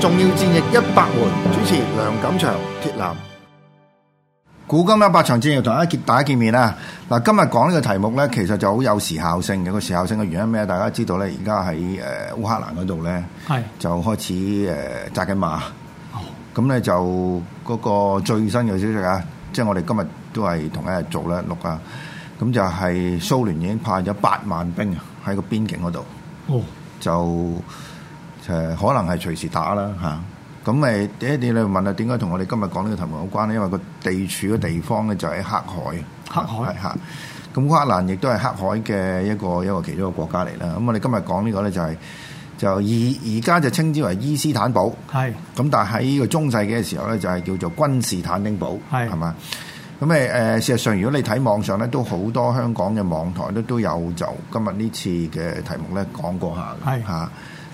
重要戰役一百回，主持梁錦祥、鐵男。古今一百場戰役，同一杰大家見面啦。嗱，今日講呢個題目咧，其實就好有時效性嘅。個時效性嘅原因咩？大家知道咧，而家喺誒烏克蘭嗰度咧，係是就開始誒紮緊馬。哦，咁咧就嗰、那個最新嘅消息啊，即、就、係、是、我哋今日都係同一日做咧錄啊。咁就係蘇聯已經派咗八萬兵喺個邊境嗰度。哦，就。誒可能係隨時打啦嚇，咁誒啲你嚟問啊，點解同我哋今日講呢個題目有關咧？因為個地處嘅地方咧就喺黑海，黑海嚇。咁烏克蘭亦都係黑海嘅一個一個其中一個國家嚟啦。咁我哋今日講呢個咧就係、是、就而而家就稱之為伊斯坦堡，係的。咁但係喺呢個中世紀嘅時候咧就係叫做君士坦丁堡，係係嘛。咁誒誒，事實上如果你睇網上咧，都好多香港嘅網台咧都有就今日呢次嘅題目咧講過下嘅，係。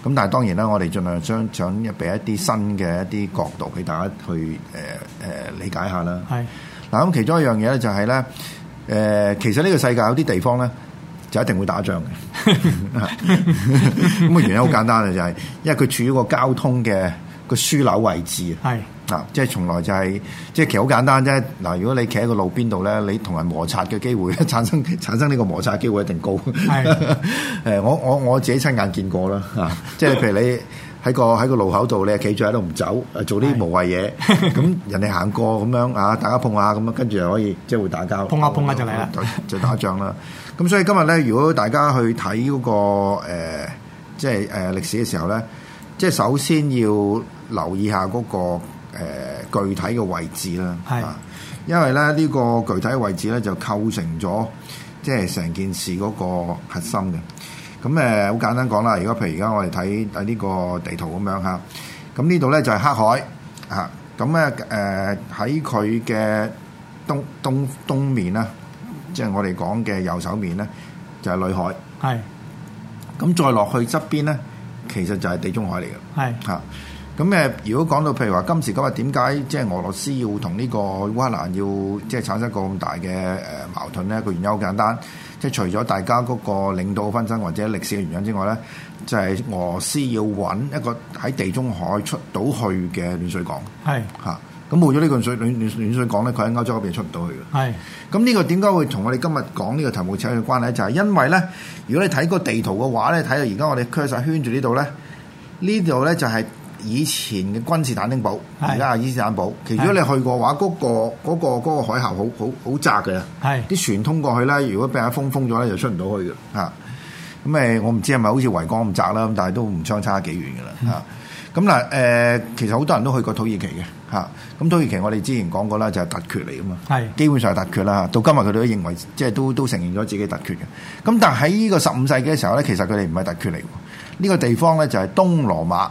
咁但係當然啦，我哋盡量將想俾一啲新嘅一啲角度俾大家去誒、呃呃、理解下啦。嗱咁是的 其中一樣嘢咧就係、是、咧、呃，其實呢個世界有啲地方咧就一定會打仗嘅。咁 個 原因好簡單嘅、就是，就係因為佢處於個交通嘅個樞紐位置。係。嗱，即係從來就係、是，即係其實好簡單啫。嗱，如果你企喺個路邊度咧，你同人摩擦嘅機會產生產生呢個摩擦嘅機會一定高。係的，誒， 我我我自己親眼見過啦。啊，即係譬如你喺個喺個路口度，你企住喺度唔走，做啲無謂嘢，咁是的 人哋行過咁樣啊，大家碰下咁啊，跟住又可以即係會打交。碰下碰下就嚟啦，就打仗啦。咁所以今日咧，如果大家去睇嗰、那個即係誒歷史嘅時候咧，即係首先要留意下嗰、那個。誒具體嘅位置啦，是的 因為咧呢個具體嘅位置咧就構成咗即係成件事嗰個核心嘅。咁誒好簡單講啦，如果譬如而家我哋睇睇呢個地圖咁樣嚇，咁呢度咧就係黑海嚇，咁咧誒喺佢嘅東東東面啦，即係我哋講嘅右手面咧就係裏海，係咁是的 再落去側邊咧，其實就係地中海嚟嘅，係嚇。咁誒，如果講到譬如話，今時今日點解即係俄羅斯要同呢個烏克蘭要即係產生咁大嘅誒矛盾咧？個原因好簡單，即係除咗大家嗰個領導嘅紛爭或者歷史嘅原因之外咧，就係、是、俄羅斯要揾一個喺地中海出到去嘅暖水港，係嚇是。咁冇咗呢個暖暖暖水港咧，佢喺歐洲嗰邊出唔到去嘅。係咁呢個點解會同我哋今日講呢個題目扯有關係呢？就係、是、因為咧，如果你睇個地圖嘅話咧，睇到而家我哋圈曬圈住呢度咧，呢度咧就係、是。以前嘅君士坦丁堡，而家阿伊斯坦堡。是 其實如果你去過話，嗰、那個嗰、那個那個、海峽好好好窄嘅，啲是 船通過去咧。如果俾人封封咗咧，就出唔到去嘅嚇。咁誒、嗯，我唔知係咪好似維港咁窄啦，咁但係都唔相差幾遠嘅啦嚇。咁嗱誒，其實好多人都去過土耳其嘅嚇。咁土耳其我哋之前講過啦，就係突厥嚟啊嘛，基本上係突厥啦。到今日佢哋都認為，即係都都承認咗自己突厥嘅。咁但係喺呢個十五世紀嘅時候咧，其實佢哋唔係突厥嚟，呢、這個地方咧就係東羅馬。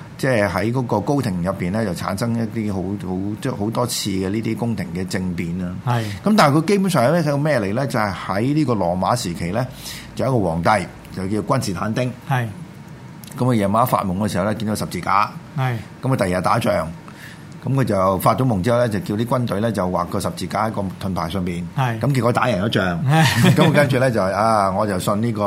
即係喺嗰個高庭入面咧，就產生一啲好好即係好多次嘅呢啲宮廷嘅政變啦。咁是的 但係佢基本上咧，睇到咩嚟咧？就係喺呢個羅馬時期咧，就有一個皇帝就叫君士坦丁。咁啊夜晚發夢嘅時候咧，見到十字架。咁啊第二日打仗。咁佢就發咗夢之後咧，就叫啲軍隊咧就畫個十字架喺個盾牌上面。係咁是結果打贏咗仗。咁跟住咧就係啊，我就信呢個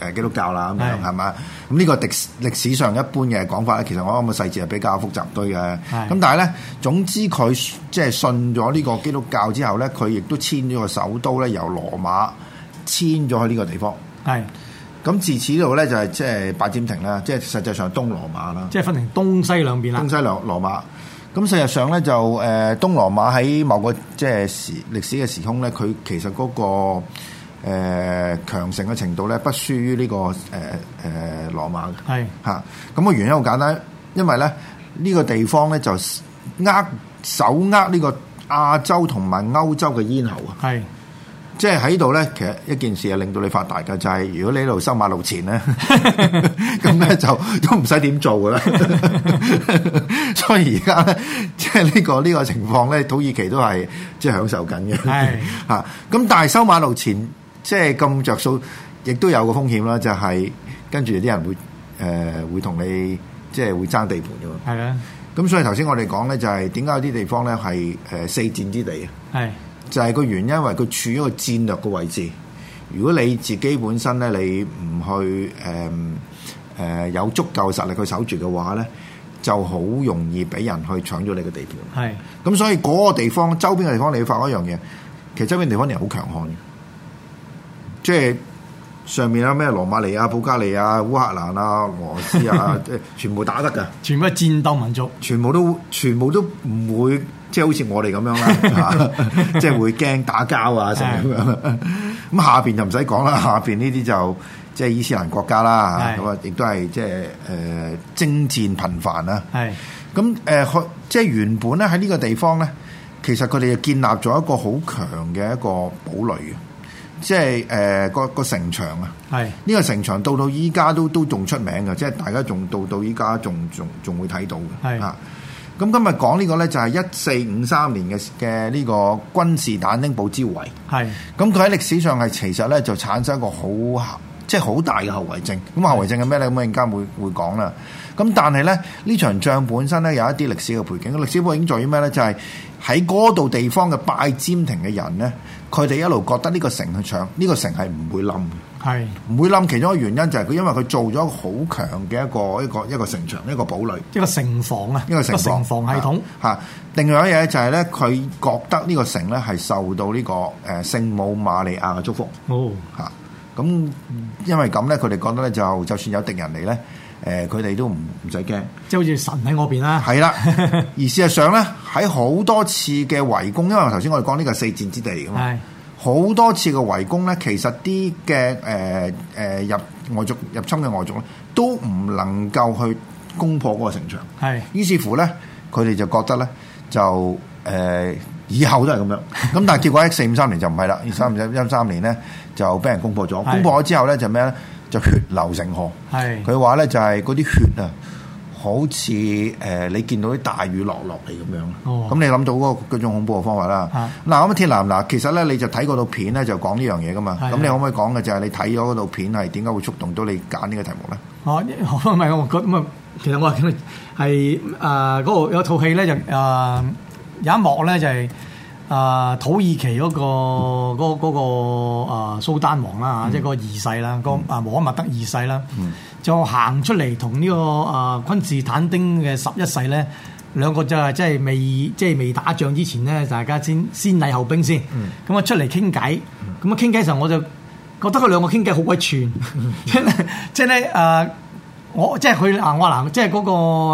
誒基督教啦咁樣係嘛？咁呢是個歷歷史上一般嘅講法咧，其實我諗個細節係比較複雜堆嘅。咁，是但係咧總之佢即係信咗呢個基督教之後咧，佢亦都遷咗個首都咧由羅馬遷咗去呢個地方。咁是自此度咧就係即係拜占庭啦，即係實際上東羅馬啦。即係分成東西兩邊啦。東西兩羅馬咁事實上咧，就誒東羅馬喺某個即係時歷史嘅時空咧，佢其實嗰、嗰個誒、呃、強盛嘅程度咧、呢個，不輸於呢個誒誒羅馬嘅。咁個係吓、嗯、原因好簡單，因為咧呢、呢個地方咧就呃手握呢個亞洲同埋歐洲嘅咽喉啊。係。即係喺度咧，其實一件事係令到你發達嘅，就係、是、如果你喺度收馬路錢咧，咁咧 就都唔使點做啦。 所以而家咧，即係、這、呢個呢、這個情況咧，土耳其都係即係享受緊嘅。係啊是的、嗯，咁但係收馬路錢即係咁着數，亦都有個風險啦，就係、是、跟住啲人會誒、呃、會同你即係會爭地盤啫喎。係啊，咁所以頭先我哋講咧，就係點解有啲地方咧係誒四戰之地啊。係。就係個原因，因為佢處於一個戰略嘅位置。如果你自己本身咧，你唔去誒誒有足夠實力去守住嘅話咧，就好容易俾人去搶咗你嘅地盤。係是，咁所以嗰個地方周邊嘅地方，你要發一樣嘢，其實周邊的地方係好強悍嘅，即係上面啊咩羅馬尼亞、保加利亞、烏克蘭啊、俄羅斯啊，即係 全部打得㗎。全部係戰鬥民族，全部都全部都唔會。即係好似我哋咁樣啦，即係會驚打交啊，成咁樣。咁下邊就唔使講啦，下邊呢啲就即係伊斯蘭國家啦，咁啊是的，亦都係即係誒征戰頻繁啊。係咁誒，即係原本咧喺呢個地方咧，其實佢哋就建立咗一個好強嘅一個堡壘嘅，即係誒個個城牆啊。係呢是的 個城牆到到依家都都仲出名嘅，即係大家仲到到依家仲仲仲會睇到嘅。係啊。咁今日講呢個呢，就係一四五三年嘅嘅呢個君士坦丁堡之圍是。係，咁佢喺歷史上係其實呢就產生一個好即係好大嘅後遺症。咁後遺症係咩呢？咁我陣間會會講啦。咁但係呢呢場仗本身呢，有一啲歷史嘅背景。歷史背景在於咩呢？就係喺嗰度地方嘅拜占庭嘅人呢，佢哋一路覺得呢個城牆呢個城係唔會冧。係唔是會諗其中一個原因就係，是，佢因為佢做咗好強嘅一個一個一個，一個城牆，一個堡壘，一個城防啊，一，是一個城防系統吓。另外一樣嘢，就係咧，佢覺得呢個城咧係受到呢，這個誒、呃、聖母瑪利亞嘅祝福哦。咁因為咁咧，佢哋覺得咧，就就算有敵人嚟咧，誒佢哋都唔唔使驚，即係好似神喺我邊啦，係啦。而事實上咧，喺好多次嘅圍攻，因為頭先我哋講呢個四戰之地好多次嘅圍攻咧，其實啲嘅誒入外族入侵嘅外族咧，都唔能夠去攻破嗰個城牆。係，是的 於是乎咧，佢哋就覺得咧，就誒、呃、以後都係咁樣。咁是的 但係結果喺四五三年就唔係啦，二五一三年咧就俾人攻破咗。攻破咗之後咧就咩咧？就血流成河。佢話咧就係嗰啲血啊。好似誒、呃、你見到啲大雨落落嚟咁樣，咁、哦、你諗到嗰個種恐怖嘅方法啦。嗱咁天鐵男嗱，其實咧你就睇嗰套片咧就講呢樣嘢噶嘛。咁的你可唔可以講嘅就係你睇咗嗰套片係點解會觸動到你揀呢個題目咧？我唔係，我覺得咁啊，其實我係係嗰度有套戲咧就誒有一幕咧就係、是、誒、呃、土耳其嗰、嗰個嗰嗰、嗰個蘇丹王啦嚇，嗯、即係個二世啦，嗰個、嗯、啊穆罕默德二世啦。嗯就行出嚟同呢個啊、呃、君士坦丁嘅十一世咧，兩個就係即係未即係、即係、未打仗之前咧，大家先先禮後兵先。咁啊、嗯、出嚟傾偈，咁啊傾偈時候我就覺得佢兩個傾偈好鬼串，即係咧啊，我即係佢啊，我嗱，即係嗰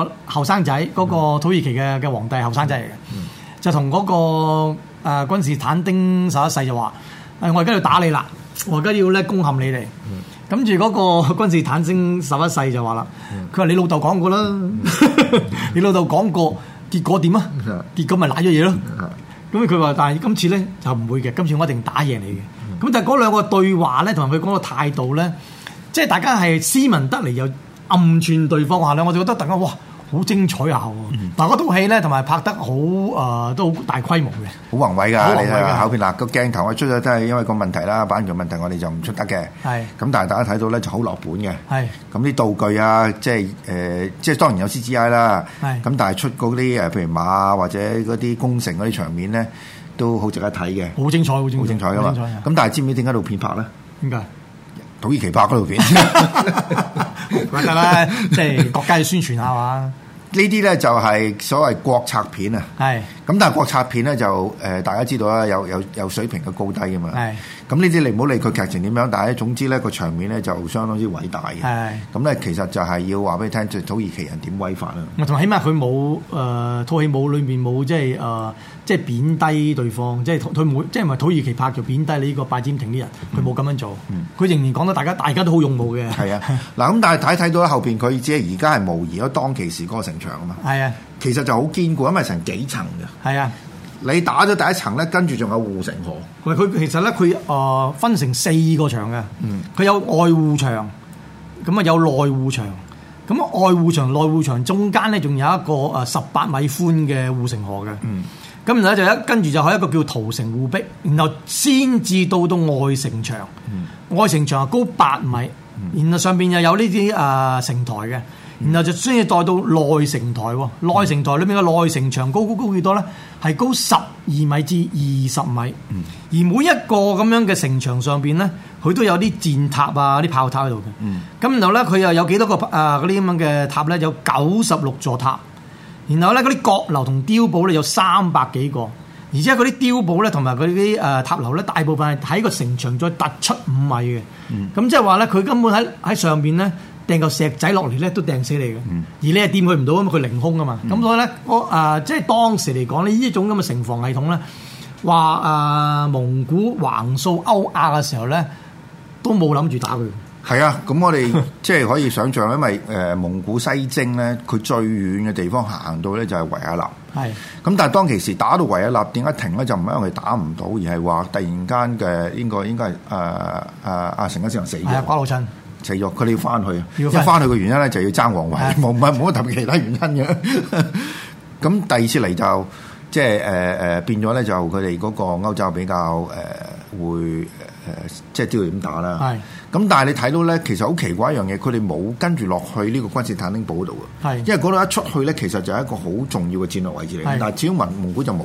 個後生仔，嗰、嗰個土耳其嘅嘅皇帝後生仔嚟嘅，嗯、就同嗰、嗰個啊、呃、君士坦丁十一世就話，我而家要打你啦，我而家要咧攻陷你哋。嗯跟住嗰個君士坦丁十一世就話啦，佢話你老豆講過啦，嗯、 你老豆講過，結果點啊？結果咪賴咗嘢咯。咁佢話，但係今次呢，就唔會嘅，今次我一定打贏你嘅。咁、嗯、但嗰兩個對話呢，同埋佢講個態度呢，即係大家係斯文得嚟又暗寸對方下呢，我就覺得大家哇～好精彩啊！嗱，嗰套戲咧，同埋拍得好，誒都好大規模嘅，好宏偉㗎。你睇片嗱個鏡頭，我出咗都係因為個問題啦，版權問題，我哋就唔出得嘅。係咁，但係大家睇到咧就好落本嘅。係咁啲道具啊，即係誒，即係當然有 C G I 啦。係咁，但係出嗰啲誒，譬如馬或者嗰啲工程嗰啲場面咧，都好值得睇嘅。好精彩，好精彩，好精彩㗎嘛！咁但係知唔知點解套片拍咧？點解？土耳其拍嗰套片。得啦，即係國家要宣傳下嘛。呢啲咧就係所謂國策片啊。係。咁但係國策片咧就誒大家知道啦，有有有水平嘅高低噶嘛。咁呢啲你唔好理佢劇情點樣，但係總之咧個場面咧就相當之偉大嘅。咁咧是的 其實就係要話俾你聽，土耳其人點威法啦。同埋起碼佢冇誒套戲冇裏面冇即係誒即係貶低對方，即係佢冇即係唔係土耳其拍就貶低你呢個拜占庭啲人，佢冇咁樣做。佢、嗯、仍然講到大家大家都好勇武嘅。係啊，嗱咁但係睇睇到咧後邊佢只係而家係模擬咗當其時嗰個城牆啊嘛。係啊。其實就好堅固，因為成幾層嘅。係啊，你打咗第一層咧，跟住仲有護城河。唔佢其實咧，佢誒分成四個牆嘅。嗯。佢有外護牆，咁啊有內護牆。咁外護牆、內護牆中間咧，仲有一個誒十八米寬嘅護城河嘅。嗯。咁然後咧就一跟住就係一個叫屠城護壁，然後先至到到外城牆。外城牆啊高八米，然後上邊又有呢啲誒城台嘅。然後就先至再到內城台喎，內城台裏面嘅內城牆，高高高幾多呢？係高十二米至二十米。嗯、而每一個咁樣嘅城牆上面呢，佢都有啲箭塔啊、啲炮塔喺度嘅。咁、嗯、然後呢，佢又有幾多個啊嗰啲咁樣嘅塔呢，有九十六座塔。然後呢，嗰啲角樓同碉堡呢，有三百幾個，而且嗰啲碉堡呢，同埋嗰啲誒塔樓呢，大部分係喺個城牆再突出五米嘅。咁、嗯、即係話呢，佢根本喺喺上面呢。掟個石仔落嚟咧都掟死你嘅，而你又掂佢唔到啊嘛，佢凌空啊嘛，咁、嗯、所以咧我啊、呃、即係當時嚟講呢呢一種咁嘅城防系統咧，話、呃、啊蒙古橫掃歐亞嘅時候咧，都冇諗住打佢。係啊，咁我哋即係可以想象，因為、呃、蒙古西征咧，佢最遠嘅地方行到咧就係、是、維也納。咁、啊、但係當其時打到維也納，點解停咧？就唔係因為打唔到，而係話突然間嘅應該應該係阿成吉思汗死咗。啊，瓜老襯。就佢哋要翻去，要一翻去嘅原因咧就要爭皇位，冇唔係冇乜特別其他原因嘅。咁第二次嚟就即係誒誒，變咗咧就佢哋嗰個歐洲比較誒、呃、會誒即係知道點打啦。係咁，但係你睇到咧，其實好奇怪一樣嘢，佢哋冇跟住落去呢個君士坦丁堡度嘅，係是的 因為嗰度一出去咧，其實就係一個好重要嘅戰略位置嚟。是的 但係始終蒙古就冇，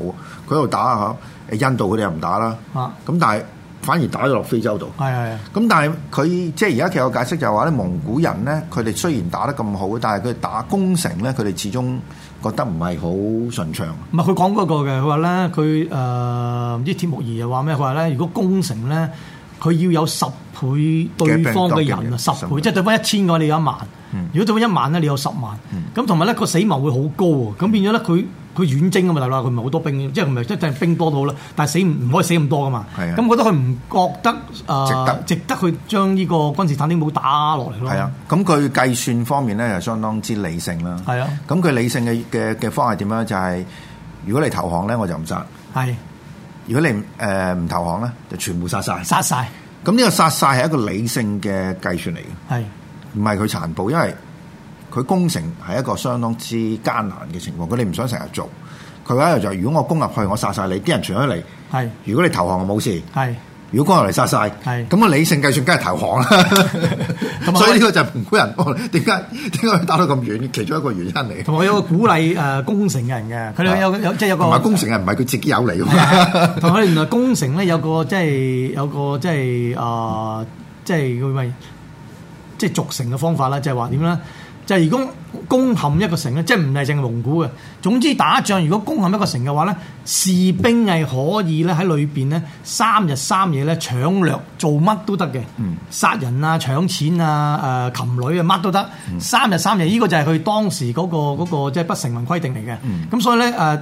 佢喺度打啊嗬，誒印度佢哋又唔打啦。咁是的 但係。反而打咗落非洲度，係係啊。咁但係佢即係而家其實有解釋就係話咧，蒙古人咧，佢哋雖然打得咁好，但係佢打攻城咧，佢哋始終覺得唔係好順暢。唔係佢講嗰個嘅，佢話咧，佢誒唔知鐵木兒又話咩？佢話咧，如果攻城咧，佢要有十倍對方嘅人啊，嗯、十倍，即係對方一千個你有一萬，嗯、如果對方一萬咧，你有十萬，咁同埋咧個死亡會好高喎，咁變咗咧佢。佢遠征啊嘛，大佬，佢唔係好多兵，即係唔係即係兵多到好啦。但係死唔唔可以死咁多噶嘛。係啊的。咁我覺得佢唔覺得啊，呃、值得佢將呢個君士坦丁堡打落嚟咯。係啊。咁佢計算方面咧就相當之理性啦。係啊的。咁佢理性嘅嘅嘅方法係點樣？就係、是、如果你投降咧，我就唔殺。係的。如果你唔、呃、投降咧，就全部殺晒。殺晒。咁呢個殺晒係一個理性嘅計算嚟嘅。係的。唔係佢殘暴，因為。佢攻城係一個相當之艱難嘅情況，佢哋唔想成日做。佢話：「就係：如果我攻入去，我殺晒你啲人，除咗你。係是的 如果你投降，我冇事。係是的 如果攻入嚟殺晒，係咁我理性計算梗係投降啦。咁是的 所以呢個就係蒙古人點解點解打到咁遠，其中一個原因嚟。同我有個鼓勵誒攻城嘅人嘅，佢哋有即係有，、就是、有個同埋攻城係唔係佢自己有利？同佢、嗯啊啊啊、原來攻城咧有個即係有個即係啊，即係佢咪即係俗、呃、成嘅方法啦，即係話點啦？就係如果攻陷一個城咧，即係唔係淨龍古嘅。總之打仗，如果攻陷一個城嘅話咧，士兵係可以咧喺裏面咧三日三夜咧搶掠做乜都得嘅，殺人啊、搶錢啊、誒擒女啊，乜都得。三日三夜，呢、呢個就係佢當時嗰、嗰個嗰、嗰個即係不成文規定嚟嘅。咁、嗯、所以咧，誒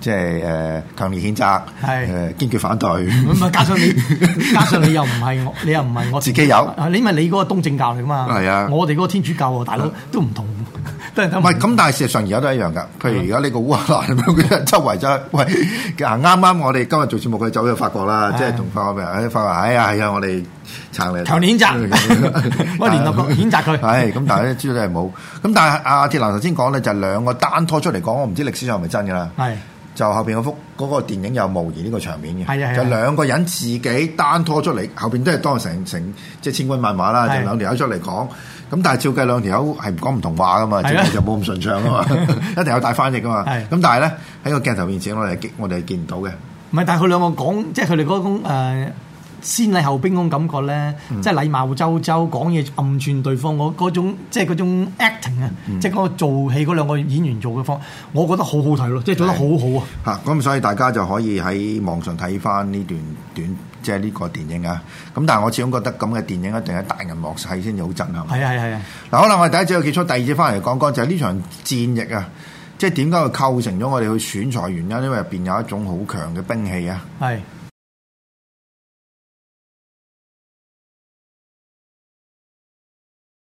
即係誒，強烈譴責，係堅決反對。加上你，加上你又唔係，你又唔係我自己有。你咪你嗰個東正教你嘛？係啊，我哋嗰個天主教大佬都唔同，都係咁。唔係咁，但係事實上而家都係一樣㗎。譬如而家呢個烏克蘭咁周圍真係喂，啱啱我哋今日做節目，佢走咗法國啦，即係同法國人喺法國。哎呀，係啊，我哋撐你，強烈譴責，我連絡佢譴責佢。係咁，但係知資料都係冇。咁但係阿鐵蘭頭先講咧，就係兩個單拖出嚟講，我唔知歷史上係咪真㗎啦。係。就後邊嗰幅嗰個電影有模擬呢個場面嘅，的就兩個人自己單拖出嚟，後邊都係當成成即係千軍萬馬啦，的就兩條友出嚟講。咁但係照計兩條友係唔講唔同話噶嘛，的就冇咁順暢啊嘛，的 一定有帶翻譯噶嘛。咁的但係咧喺個鏡頭面前，我哋我哋見唔到嘅唔係，但係佢兩個講即係佢哋嗰種誒先禮後兵嗰種感覺咧，嗯、即係禮貌周周，講嘢暗串對方，我嗰種即係嗰種 acting 啊，即係嗰、嗯、個做戲嗰兩個演員做嘅方，我覺得好好睇咯，即係做得好好啊！嚇，咁所以大家就可以喺網上睇翻呢段短，即係呢個電影啊。咁但係我始終覺得咁嘅電影一定係大銀幕睇先至好震撼。係啊係啊，嗱，可能我哋第一隻要結束，第二隻翻嚟講講就係呢場戰役啊，即係點解佢構成咗我哋去選材原因，因為入邊有一種好強嘅兵器啊。